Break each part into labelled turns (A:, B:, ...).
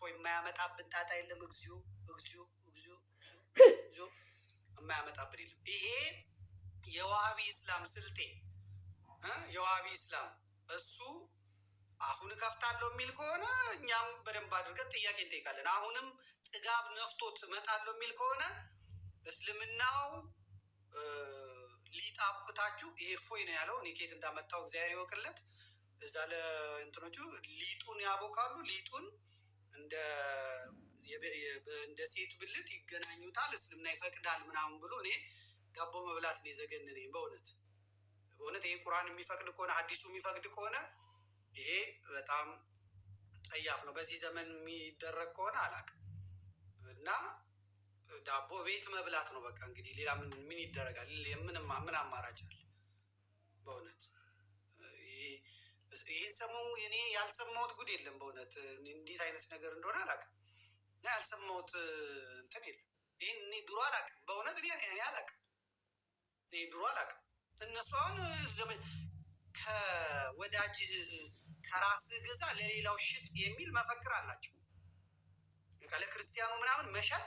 A: እፎይ የማያመጣብን ጣጣ የለም። እግዚኦ እግዚኦ እግዚኦ እግዚኦ የማያመጣብን የለም። ይሄ የዋሃቢ እስላም ስልጤ የዋሃቢ እስላም እሱ አሁን እከፍታለሁ የሚል ከሆነ እኛም በደንብ አድርገን ጥያቄ እንጠይቃለን። አሁንም ጥጋብ ነፍቶት እመጣለሁ የሚል ከሆነ እስልምናው ሊጣብኩታችሁ ይሄ እፎይ ነው ያለው። እኔ እንዳመጣው እግዚአብሔር ይወቅለት። እዛ ለእንትኖቹ ሊጡን ያቦካሉ ሊጡን እንደ ሴት ብልት ይገናኙታል፣ እስልምና ይፈቅዳል ምናምን ብሎ እኔ ዳቦ መብላት ነው የዘገነነኝ። በእውነት በእውነት ይሄ ቁርአን የሚፈቅድ ከሆነ ሀዲሱ የሚፈቅድ ከሆነ ይሄ በጣም ጸያፍ ነው። በዚህ ዘመን የሚደረግ ከሆነ አላውቅም። እና ዳቦ ቤት መብላት ነው በቃ እንግዲህ ሌላ ምን ይደረጋል? ምን አማራጭ አለ በእውነት? ይህን ሰሞኑ እኔ ያልሰማሁት ጉድ የለም። በእውነት እንዴት አይነት ነገር እንደሆነ አላውቅም እና ያልሰማሁት እንትን የለም። ይህን እኔ ድሮ አላውቅም፣ በእውነት እኔ አላውቅም፣ ይህ ድሮ አላውቅም። እነሱ አሁን ከወዳጅህ ከራስ ግዛ ለሌላው ሽጥ የሚል መፈክር አላቸው። ለክርስቲያኑ ምናምን መሸጥ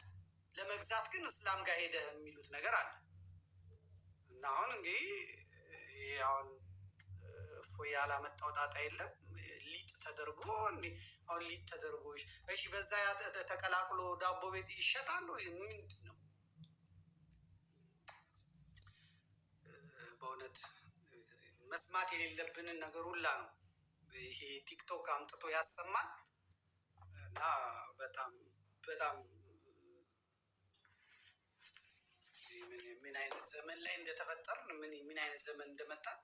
A: ለመግዛት ግን እስላም ጋር ሄደ የሚሉት ነገር አለ እና አሁን እንግዲህ አሁን እፎይ ያላመጣው ጣጣ የለም። ሊጥ ተደርጎ አሁን ሊጥ ተደርጎ እሺ፣ በዛ ተቀላቅሎ ዳቦ ቤት ይሸጣሉ ወይ ምንድን ነው? በእውነት መስማት የሌለብንን ነገር ሁላ ነው ይሄ ቲክቶክ አምጥቶ ያሰማል እና በጣም በጣም ምን አይነት ዘመን ላይ እንደተፈጠር ምን አይነት ዘመን እንደመጣን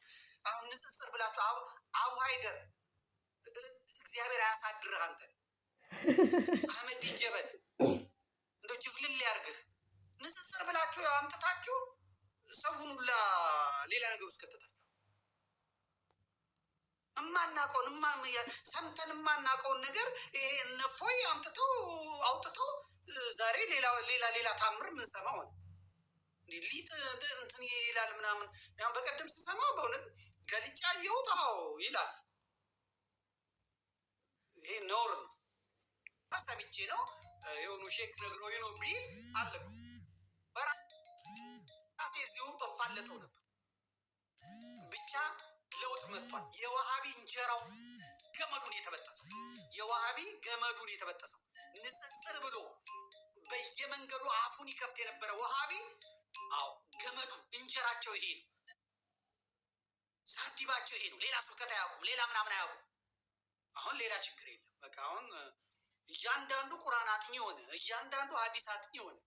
A: አሁን ንጽጽር ብላችሁ አቡ ሀይደር እግዚአብሔር አያሳድርህ አንተ አህመዲን ጀበል እንደ ጅፍልል ሊያርግህ ንጽጽር ብላችሁ አምጥታችሁ ሰውን ሁላ ሌላ ነገር ውስጥ ከተታችሁ እማናቀውን እማ ሰምተን እማናቀውን ነገር ይሄ እነፎይ አምጥተው አውጥተው ዛሬ ሌላ ሌላ ታምር ምንሰማውን ሊጥ እንትን ይላል ምናምን ያው በቀደም ስሰማ በእውነት ገልጫ እየውጣው ይላል። ይሄ ኖር ነው። ሰምቼ ነው የሆኑ ሼክ ነግሮኝ ነው ቢል አለቁ በራሴ እዚሁም እፋለጠው ነበር። ብቻ ለውጥ መጥቷል። የዋሃቢ እንጀራው ገመዱን የተበጠሰው የዋሃቢ ገመዱን የተበጠሰው ንጽጽር ብሎ በየመንገዱ አፉን ይከፍት የነበረ ዋሃቢ አዎ ገመዱ እንጀራቸው ይሄ ነው። ሳንቲባቸው ይሄ ነው። ሌላ ስብከት አያውቁም። ሌላ ምናምን አያውቁም። አሁን ሌላ ችግር የለም። በቃ አሁን እያንዳንዱ ቁርአን አጥኚ የሆነ እያንዳንዱ ሐዲስ አጥኚ የሆነ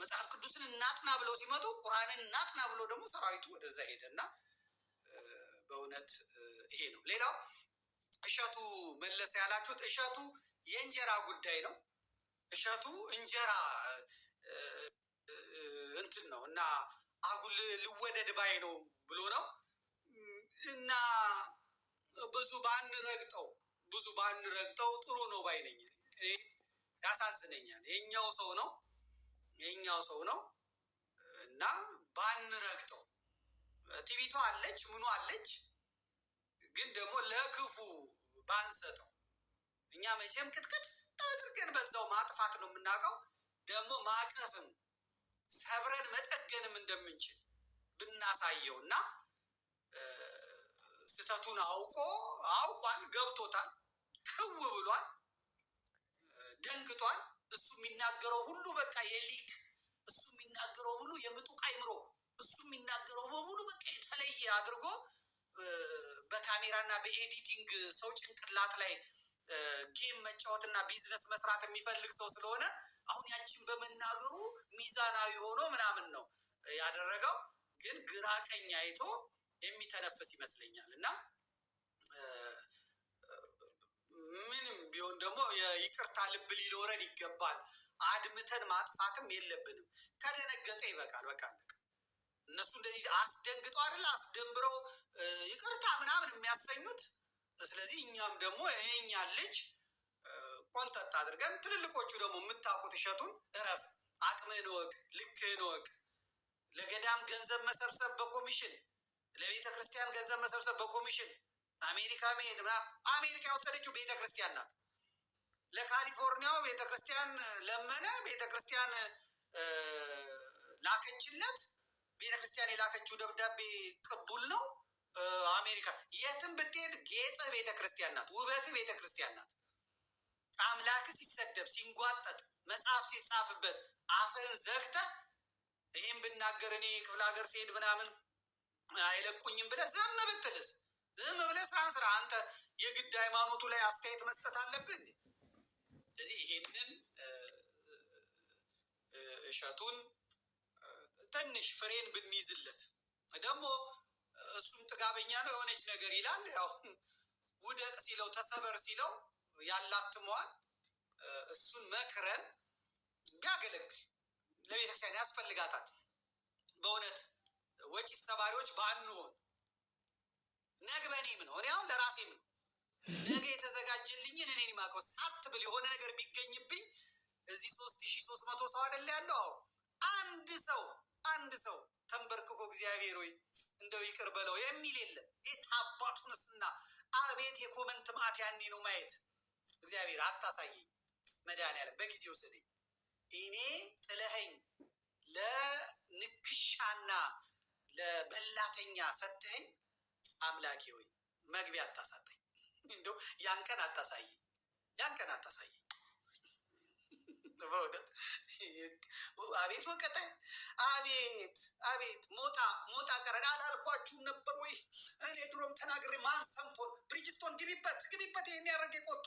A: መጽሐፍ ቅዱስን እናጥና ብለው ሲመጡ ቁርአንን እናጥና ብሎ ደግሞ ሰራዊቱ ወደዛ ሄደ እና በእውነት ይሄ ነው። ሌላው እሸቱ መለሰ ያላችሁት እሸቱ የእንጀራ ጉዳይ ነው። እሸቱ እንጀራ እንትን ነው እና አጉል ልወደድ ባይ ነው ብሎ ነው እና ብዙ ባንረግጠው ብዙ ባንረግጠው ጥሩ ነው ባይ ነኝ። ያሳዝነኛል። የኛው ሰው ነው የኛው ሰው ነው እና ባንረግጠው ቲቪቷ አለች ምኑ አለች፣ ግን ደግሞ ለክፉ ባንሰጠው። እኛ መቼም ቅጥቅጥ አድርገን በዛው ማጥፋት ነው የምናውቀው፣ ደግሞ ማቀፍም ሰብረን መጠገንም እንደምንችል ብናሳየው እና ስህተቱን አውቆ አውቋል፣ ገብቶታል፣ ክው ብሏል፣ ደንግጧል። እሱ የሚናገረው ሁሉ በቃ የሊክ እሱ የሚናገረው ሁሉ የምጡቅ አይምሮ እሱ የሚናገረው በሙሉ በቃ የተለየ አድርጎ በካሜራና በኤዲቲንግ ሰው ጭንቅላት ላይ ጌም መጫወትና ቢዝነስ መስራት የሚፈልግ ሰው ስለሆነ አሁን ያችን በመናገሩ ሚዛናዊ ሆኖ ምናምን ነው ያደረገው። ግን ግራ ቀኝ አይቶ የሚተነፍስ ይመስለኛል እና ምንም ቢሆን ደግሞ የይቅርታ ልብ ሊኖረን ይገባል። አድምተን ማጥፋትም የለብንም። ከደነገጠ ይበቃል። በቃ አለቀ። እነሱ እንደዚህ አስደንግጠው አይደለ አስደንብረው ይቅርታ ምናምን የሚያሰኙት። ስለዚህ እኛም ደግሞ የእኛን ልጅ ቆንጠጥ አድርገን ትልልቆቹ ደግሞ የምታውቁት እሸቱን እረፍ፣ አቅምህን ወቅ፣ ልክህን ወቅ። ለገዳም ገንዘብ መሰብሰብ በኮሚሽን ለቤተ ክርስቲያን ገንዘብ መሰብሰብ በኮሚሽን አሜሪካ መሄድ አሜሪካ የወሰደችው ቤተ ክርስቲያን ናት። ለካሊፎርኒያው ቤተ ክርስቲያን ለመነ፣ ቤተ ክርስቲያን ላከችለት። ቤተ ክርስቲያን የላከችው ደብዳቤ ቅቡል ነው። አሜሪካ የትም ብትሄድ ጌጥ ቤተ ክርስቲያን ናት፣ ውበት ቤተ ክርስቲያን ናት። አምላክ ሲሰደብ ሲንጓጠጥ መጽሐፍ ሲጻፍበት አፍህን ዘግተህ ይህም ብናገር እኔ ክፍለ ሀገር ሲሄድ ምናምን አይለቁኝም ብለህ ዝም ብትልስ ዝም ብለህ ስራን ስራ። አንተ የግድ ሃይማኖቱ ላይ አስተያየት መስጠት አለብህ እንዴ? ስለዚህ ይህንን እሸቱን ትንሽ ፍሬን ብንይዝለት ደግሞ እሱም ጥጋበኛ ነው የሆነች ነገር ይላል። ያው ውደቅ ሲለው ተሰበር ሲለው ያላትመዋል። እሱን መክረን ቢያገለግል ለቤተክርስቲያን ያስፈልጋታል። በእውነት ወጪት ሰባሪዎች ባንሆን ነግ በእኔ ምን እኔ አሁን ለራሴ ምን ነገ የተዘጋጀልኝን እኔን ማቀው ሳት ብል የሆነ ነገር ቢገኝብኝ እዚህ ሶስት ሺ ሶስት መቶ ሰው አደለ ያለው አሁን አንድ ሰው አንድ ሰው ተንበርክኮ እግዚአብሔር ወይ እንደው ይቅር በለው የሚል የለም። የት አባቱንስና አቤት የኮመንት ማት ያኔ ነው ማየት እግዚአብሔር አታሳየኝ፣ መድኃኒዓለም በጊዜ ውሰደኝ። እኔ ጥለኸኝ ለንክሻና ለበላተኛ ሰጥኸኝ፣ አምላኬ ሆይ መግቢያ አታሳጠኝ፣ እንደው ያን ቀን አታሳየኝ፣ ያን ቀን አታሳየኝ። አቤት ወቀጠ፣ አቤት አቤት ሞጣ ሞጣ ቀረ። አላልኳችሁም ነበር ወይ? እኔ ድሮም ተናግሬ ማን ሰምቶን? ብሪጅስቶን ግቢበት፣ ግቢበት ይህን ያደረገ የቆጡ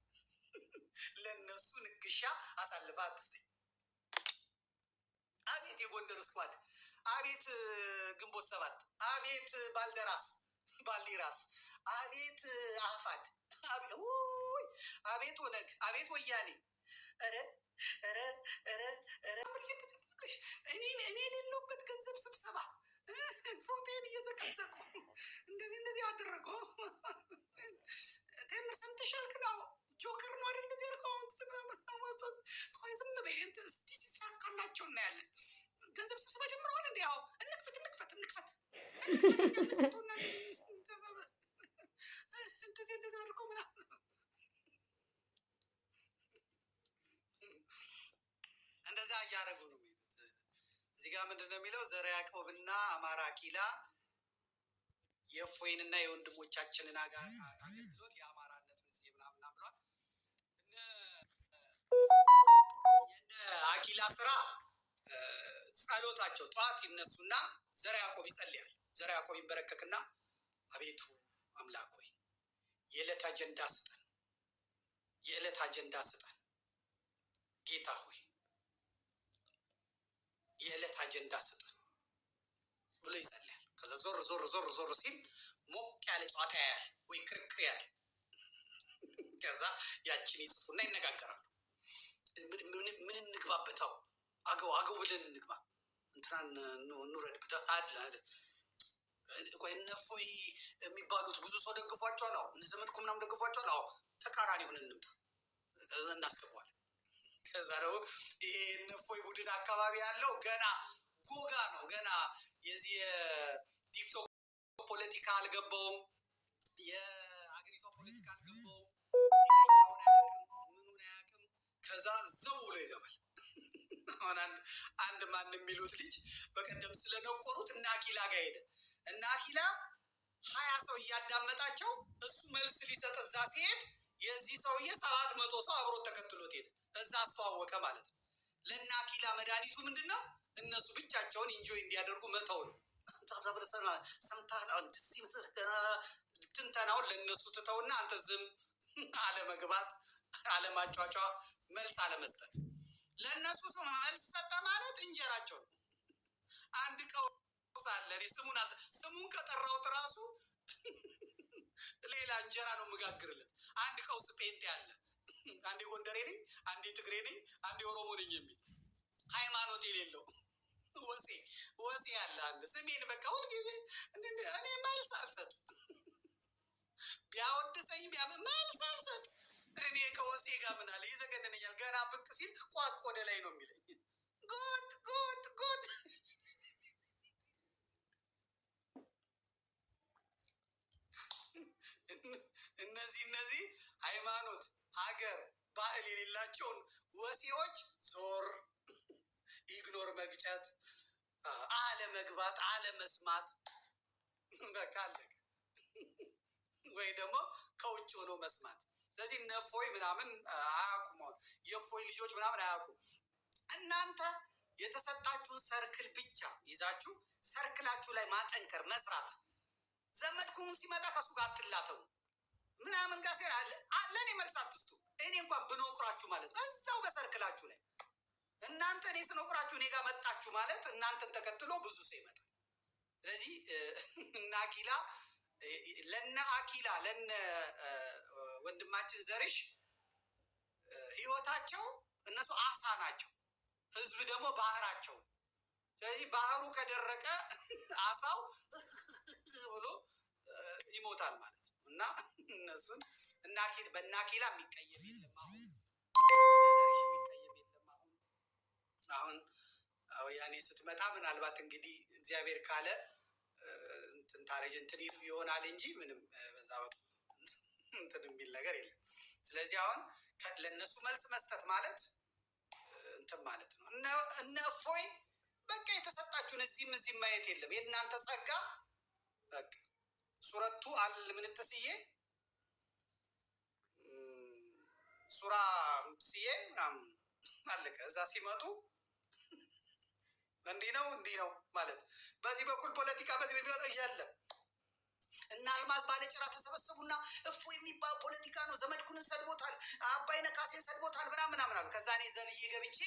A: እሱን ግሻ አሳልፋ አትስጠኝ። አቤት የጎንደር ስኳድ፣ አቤት ግንቦት ሰባት፣ አቤት ባልደራስ ባልዲራስ፣ አቤት አፋድ፣ አቤት ኦነግ፣ አቤት ወያኔ። ኧረ ኧረ ኧረ ኧረ እኔ የሌለሁበት ገንዘብ ስብሰባ ፎቴን እየዘቀዘቁ እንደዚህ እንደዚህ አደረገው። እና አማራ ኪላ የእፎይንና የወንድሞቻችንን አገልግሎት የአማራነት ምንስ ምናምና ብሏል። የእነ አኪላ ስራ ጸሎታቸው ጠዋት ይነሱና ዘራ ያዕቆብ ይጸልያል። ዘራ ያዕቆብ ይንበረከክና አቤቱ አምላክ ሆይ የዕለት አጀንዳ ስጠን፣ የዕለት አጀንዳ ስጠን ጌታ ሆይ የዕለት አጀንዳ ስጠን ብሎ ይጸልያል። ከዛ ዞር ዞር ዞር ዞር ሲል ሞቅ ያለ ጨዋታ ያያል ወይ ክርክር ያያል። ከዛ ያችን ይጽፉና ይነጋገራሉ። ምን እንግባበታው አገው አገው ብለን እንግባ እንትናን እንውረድ ብተል ቆይ እነፎይ የሚባሉት ብዙ ሰው ደግፏቸዋል። አዎ እነ ዘመድኩ ምናምን ደግፏቸዋል። አዎ ተቃራኒ ሆነን እንምጣ እናስገባዋል። ከዛ ደግሞ ይሄ እነፎይ ቡድን አካባቢ ያለው ገና ጎጋ ነው። ገና የዚህ የቲክቶክ ፖለቲካ አልገባውም፣ የአገሪቷ ፖለቲካ አልገባውም። ምኑን አያውቅም። ከዛ ዘው ብሎ ይገባል። አሁን አንድ ማን የሚሉት ልጅ በቀደም ስለነቆሩት እና አኪላ ጋር ሄደ እና አኪላ ሀያ ሰው እያዳመጣቸው እሱ መልስ ሊሰጥ እዛ ሲሄድ የዚህ ሰውዬ ሰባት መቶ ሰው አብሮት ተከትሎት ሄደ። እዛ አስተዋወቀ ማለት ነው። ለእነ አኪላ መድኃኒቱ ምንድን ነው? እነሱ ብቻቸውን ኢንጆይ እንዲያደርጉ መተው ነው። ሰምተሃል ትንተናውን ለእነሱ ትተውና አንተ ዝም አለመግባት፣ አለማጫጫ፣ መልስ አለመስጠት። ለእነሱ መልስ ሰጠ ማለት እንጀራቸው አንድ ቀውስ አለ። ስሙን ስሙን ከጠራሁት ራሱ ሌላ እንጀራ ነው የምጋግርለት። አንድ ቀውስ ጴንጤ አለ። አንዴ ጎንደሬ ነኝ፣ አንዴ ትግሬ ነኝ፣ አንዴ ኦሮሞ ነኝ የሚል ሃይማኖት የሌለው ወሴ ወሴ ያለ አንድ ስሜን በቃ ሁልጊዜ እኔ መልስ አልሰጥ ቢያወድሰኝ መልስ አልሰጥ። እኔ ከወሴ ጋር ምናለ ይዘገንነኛል። ገና ብቅ ሲል ቋቅ ወደ ላይ ነው የሚለኝ መስማት በቃ ወይ ደግሞ ከውጭ ሆኖ መስማት። ስለዚህ ነፎይ ምናምን አያውቁም። የፎይ ልጆች ምናምን አያውቁም። እናንተ የተሰጣችሁን ሰርክል ብቻ ይዛችሁ ሰርክላችሁ ላይ ማጠንከር መስራት። ዘመድኩም ሲመጣ ከሱ ጋር አትላተው ምናምን ጋር ሴራ ለእኔ መልስ አትስጡ። እኔ እንኳን ብኖቁራችሁ ማለት ነው እዛው በሰርክላችሁ ላይ እናንተ እኔ ስኖቁራችሁ እኔ ጋር መጣችሁ ማለት እናንተን ተከትሎ ብዙ ሰው ይመጣል። ስለዚህ እነ አኪላ ለነ አኪላ ለነ ወንድማችን ዘርሽ ህይወታቸው እነሱ አሳ ናቸው፣ ህዝብ ደግሞ ባህራቸው። ስለዚህ ባህሩ ከደረቀ አሳው ብሎ ይሞታል ማለት ነው እና እነሱን በእነ አኪላ የሚቀየም የለም የሚቀየም የለም አሁን አሁን ያኔ ስትመጣ ምናልባት እንግዲህ እግዚአብሔር ካለ እንትን ታረጅ እንትን ይሉ ይሆናል እንጂ ምንም በዛ እንትን የሚል ነገር የለም። ስለዚህ አሁን ለእነሱ መልስ መስጠት ማለት እንትን ማለት ነው። እነ እፎይ በቃ የተሰጣችሁን እዚህም እዚህ ማየት የለም የእናንተ ጸጋ በቃ ሱረቱ አል ምንትስዬ ሱራ ስዬ ምናምን አለቀ። እዛ ሲመጡ እንዲህ ነው እንዲህ ነው ማለት በዚህ በኩል ፖለቲካ በዚህ የሚወጣ የለም። እና አልማዝ ባለጭራ ተሰበሰቡና እፉ የሚባል ፖለቲካ ነው፣ ዘመድኩንን ሰድቦታል፣ አባይነ ካሴን ሰድቦታል ምናምን ምናምን አሉ። ከዛ እኔ ዘልዬ ገብቼ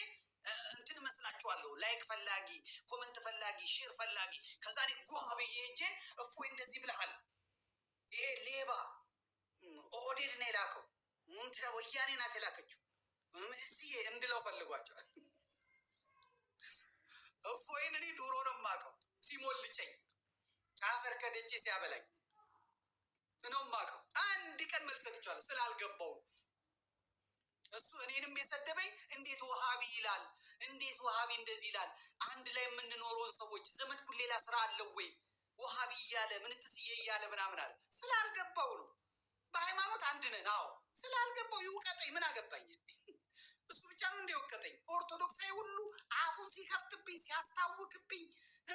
A: እንትን መስላችኋለሁ፣ ላይክ ፈላጊ፣ ኮመንት ፈላጊ፣ ሼር ፈላጊ። ከዛ እኔ ጎህ ብዬ ሄጄ እፎ እንደዚህ ብልሃል፣ ይሄ ሌባ ኦህዴድ ነው የላከው፣ ወያኔ ናት የላከችው፣ እዚህ እንድለው ፈልጓቸዋል እፎይን እኔ ዶሮ ነው የማውቀው። ሲሞልጨኝ አፈር ከደቼ ሲያበላኝ ነው የማውቀው። አንድ ቀን መልስ ሰጥቼዋለሁ ስላልገባው እሱ እኔንም የሰደበኝ እንዴት ውሃቢ ይላል፣ እንዴት ውሃቢ እንደዚህ ይላል። አንድ ላይ የምንኖረውን ሰዎች ዘመድኩን ሌላ ስራ አለው ወይ ውሃቢ እያለ ምንትስዬ እያለ ምናምን አለ። ስላልገባው ነው። በሃይማኖት አንድ ነን። አዎ ስላልገባው ይውቀጠኝ፣ ምን አገባኝ። ቅዱስ ብቻ ነው እንዲወቀጠኝ ኦርቶዶክሳዊ ሁሉ አፉን ሲከፍትብኝ ሲያስታውቅብኝ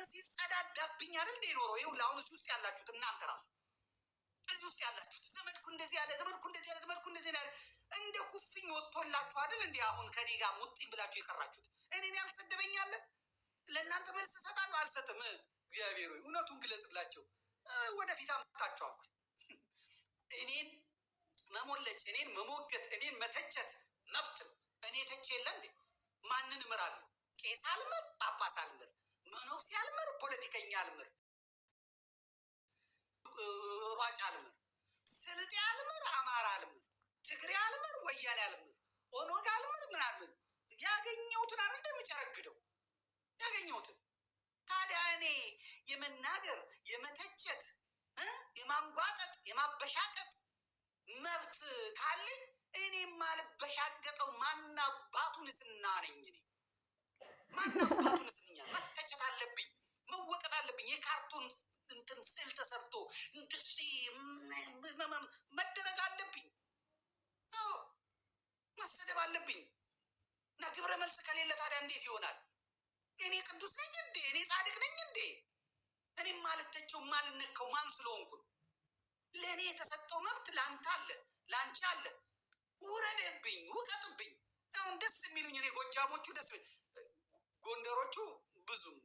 A: ሲጸዳዳብኝ አይደል እንዴ ኖሮ ይሁ ለአሁን እዚህ ውስጥ ያላችሁት እናንተ ራሱ እዚህ ውስጥ ያላችሁት ዘመድኩ እንደዚህ ያለ ዘመድኩ እንደዚህ ያለ ዘመድኩ እንደዚህ ያለ እንደ ኩፍኝ ወጥቶላችሁ አይደል እንዲህ አሁን ከኔ ጋር ሙጥኝ ብላችሁ የቀራችሁት እኔን ያልሰደበኛለ ለእናንተ መልስ እሰጣለሁ አልሰጥም። እግዚአብሔር ሆይ እውነቱን ግለጽ ብላቸው ወደፊት አምጣቸው አልኩኝ። እኔን መሞለጭ፣ እኔን መሞገት፣ እኔን መተቸት መብት ሰዎች የለ እንዴ? ማንን እምራለሁ? ቄስ አልምር፣ ጳጳስ አልምር፣ መኖክሴ አልምር፣ ፖለቲከኛ አልምር፣ ሯጭ አልምር፣ ስልጤ አልምር፣ አማራ አልምር፣ ትግሬ አልምር፣ ወያኔ አልምር፣ ኦኖግ አልምር፣ ምን አልምር። ያገኘሁትን አለ እንደምጨረግደው ያገኘሁትን ታዲያ እኔ የመናገር የመተቸት የማንጓጠጥ የማበሻቀጥ መብት ካለኝ እኔ ማልበሻገጠው ማናባቱ ንስና ነኝ። እኔ ማናባቱ ንስንኛል። መተቸት አለብኝ፣ መወቀጥ አለብኝ። የካርቱን እንትን ስዕል ተሰርቶ እንደዚህ መደረግ አለብኝ፣ መሰደብ አለብኝ። እና ግብረ መልስ ከሌለ ታዲያ እንዴት ይሆናል? እኔ ቅዱስ ነኝ እንዴ? እኔ ጻድቅ ነኝ እንዴ? እኔ ማልተቸው ማልነካው ማን ስለሆንኩን? ለእኔ የተሰጠው መብት ለአንተ አለ፣ ለአንቺ አለ። ውረድብኝ፣ ውቀጥብኝ። አሁን ደስ የሚሉኝ እኔ ጎጃሞቹ ደስ ጎንደሮቹ ብዙም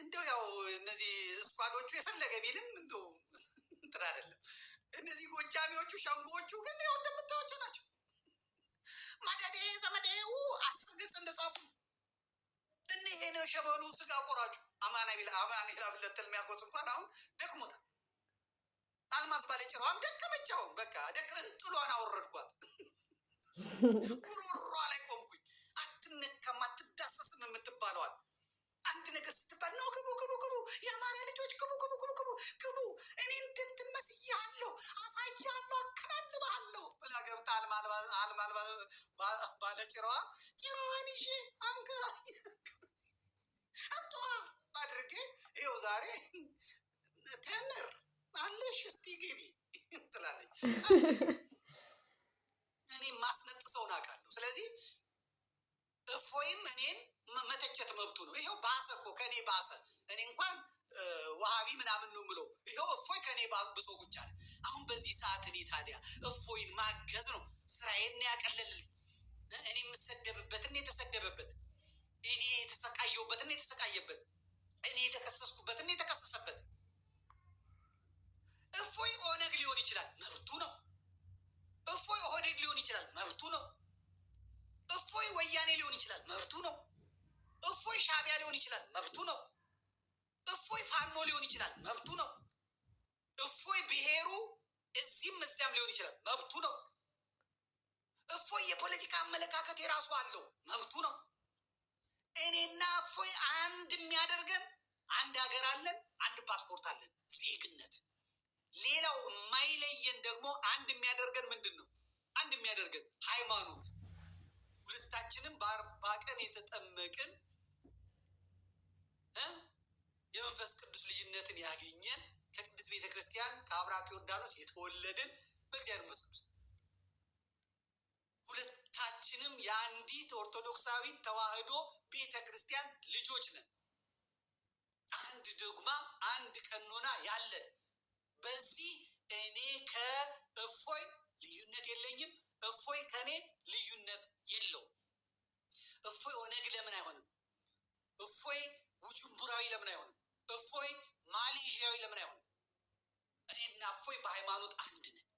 A: እንደው ያው እነዚህ እስኳዶቹ የፈለገ ቢልም እንደው እንትን አይደለም። እነዚህ ጎጃሚዎቹ ሸንጎዎቹ ግን ያው እንደምታዋቸው ናቸው። ማዳዴ ዘመዴ አስር ገጽ እንደጻፉ እኔ ይሄ ነው ሸበሉ ስጋ ቆራጩ አማና ቢላ አማና ቢላ ብለትል የሚያቆስ እንኳን አሁን ደክሞታል። አልማዝ ባለጭቷም ደቀመች። አሁን በቃ ደቀ ጥሏን አወረድኳት። ጉሮሯ ላይ ቆምኩኝ። አትነካም፣ አትዳሰስም የምትባለዋል አንድ ነገር ስትባል ነው ግቡ ግቡ ግቡ፣ የአማራ ልጆች ግቡ ግቡ ግቡ ግቡ ግቡ፣ እኔ እንደምትመስያለሁ፣ አሳያለሁ፣ አከላልባለሁ ብላ ገብታ አልማልባ ባለ ጭራዋ ጭራዋን ይዤ አንገራ አድርጌ ይኸው ዛሬ ተምር አለሽ እስቲ ገቢ ትላለች። እኔ ማስነጥሰውን አውቃለሁ። ስለዚህ እፎይም እኔን መተቸት መብቱ ነው። ይኸው ባሰ እኮ ከእኔ ባሰ። እኔ እንኳን ዋሃቢ ምናምን ነው ምለው፣ ይኸው እፎይ ከእኔ ብሶ ቁጭ አለ። አሁን በዚህ ሰዓት እኔ ታዲያ እፎይን ማገዝ ነው ስራዬን ያቀለልልኝ። እኔ የምሰደብበት እኔ የተሰደበበት፣ እኔ እኔ የተሰቃየበት፣ እኔ የተከሰስኩበት እኔ የተከሰሰበት ነው። እፎይ ኦህዴድ ሊሆን ይችላል፣ መብቱ ነው። እፎይ ወያኔ ሊሆን ይችላል፣ መብቱ ነው። እፎይ ሻቢያ ሊሆን ይችላል፣ መብቱ ነው። እፎይ ፋኖ ሊሆን ይችላል፣ መብቱ ነው። እፎይ ብሔሩ እዚህም እዚያም ሊሆን ይችላል፣ መብቱ ነው። እፎይ የፖለቲካ አመለካከት የራሱ አለው፣ መብቱ ነው። ኦርቶዶክሳዊ ተዋህዶ ቤተ ክርስቲያን ልጆች ነን። አንድ ድግማ አንድ ቀኖና ያለን። በዚህ እኔ ከእፎይ ልዩነት የለኝም። እፎይ ከእኔ ልዩነት የለው እፎይ ኦነግ ለምን አይሆንም? እፎይ ውጅንቡራዊ ለምን አይሆንም? እፎይ ማሌዥያዊ ለምን አይሆንም? እኔና እፎይ በሃይማኖት አንድ ነን።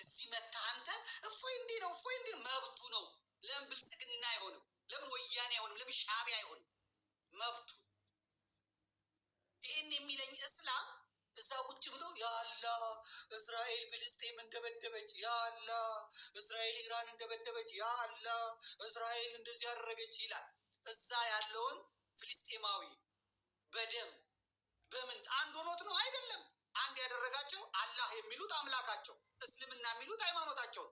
A: እዚህ መታ አንተ እፎይ እንዲህ ነው እፎይ እንዲህ መብቱ ነው ለምብል ፍልስጤም እንደበደበች ያ አላህ። እስራኤል ኢራን እንደበደበች ያ እስራኤል እንደዚህ ያደረገች ይላል። እዛ ያለውን ፍልስጤማዊ በደም በምን አንድ ሆኖት ነው አይደለም። አንድ ያደረጋቸው አላህ የሚሉት አምላካቸው፣ እስልምና የሚሉት ሃይማኖታቸው።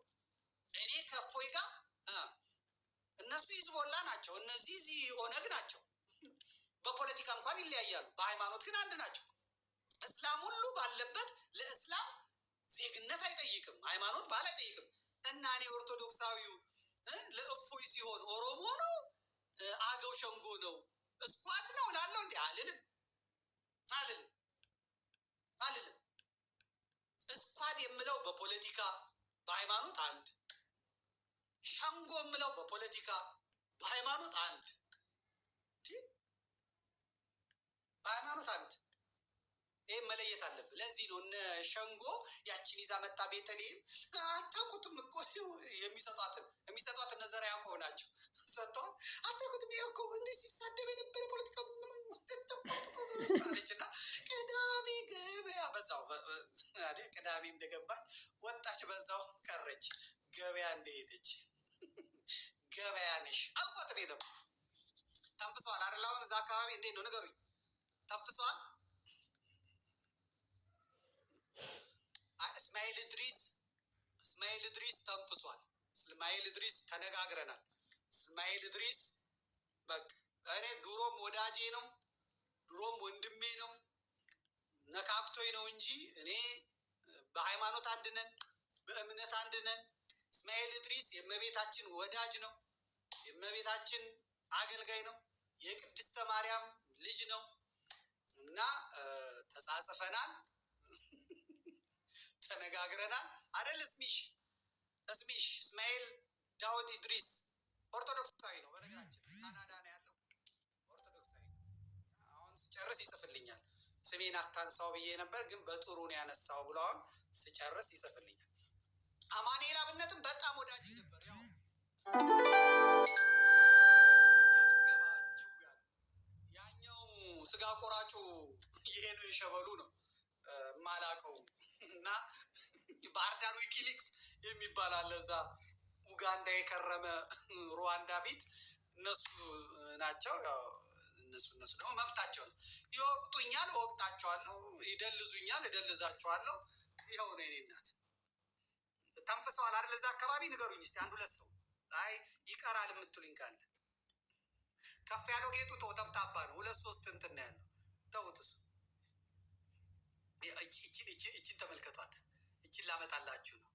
A: እኔ ከፎይ ጋር እነሱ ይዝቦላ ናቸው፣ እነዚህ እዚህ ኦነግ ናቸው። በፖለቲካ እንኳን ይለያያሉ፣ በሃይማኖት ግን አንድ ናቸው። እስላም ሁሉ ባለበት ጎሳዊው ለእፎይ ሲሆን ኦሮሞ ነው፣ አገው ሸንጎ ነው፣ እስኳድ ነው ላለው እንዲ አልልም አልልም አልልም። እስኳድ የምለው በፖለቲካ በሃይማኖት አንድ፣ ሸንጎ የምለው በፖለቲካ በሃይማኖት አንድ፣ በሃይማኖት አንድ ይህ መለየት አለብን። ለዚህ ነው እነ ሸንጎ ያችን ይዛ መጣ ቤተልሔም አታውቁትም እኮ የሚሰጧትን የሚሰጧትን ነዘር ያውቀው ናቸው ሰጥተዋል። አታውቁትም ያውቀ በእምነት አንድ ነን። እስማኤል እድሪስ የእመቤታችን ወዳጅ ነው። የእመቤታችን አገልጋይ ነው። የቅድስተ ማርያም ልጅ ነው እና ተጻጽፈናል፣ ተነጋግረናል አደል? እስሚሽ እስሚሽ እስማኤል ዳውድ ኢድሪስ ኦርቶዶክሳዊ ነው። በነገራችን ካናዳ ነው ያለው። ኦርቶዶክሳዊ አሁን ስጨርስ ይጽፍልኛል። ስሜን አታንሳው ብዬ ነበር፣ ግን በጥሩ ነው ያነሳው ብሎ አሁን ስጨርስ ይጽፍልኛል። አማኑኤል አብነትም በጣም ወዳጅ ነበር። ያው ያኛው ስጋ ቆራጩ ይሄ ነው የሸበሉ ነው ማላቀው እና ዊኪሊክስ የሚባል አለ እዛ ኡጋንዳ የከረመ ሩዋንዳ ፊት እነሱ ናቸው። እነሱ እነሱ ደግሞ መብታቸው ነው። ይወቅጡኛል፣ እወቅጣቸዋለሁ። ይደልዙኛል፣ እደልዛቸዋለሁ። ይኸው ነው የኔ እናት። ተንፍሰዋል አይደል? እዛ አካባቢ ንገሩኝ እስኪ አንድ ሁለት ሰው። አይ ይቀራል የምትሉኝ ካለ ከፍ ያለው ጌጡ ተው፣ ተብታባ ነው። ሁለት ሶስት እንትን ነው ያለው። ተውት እሱ እችን እችን እችን ተመልከቷት። እችን ላመጣላችሁ ነው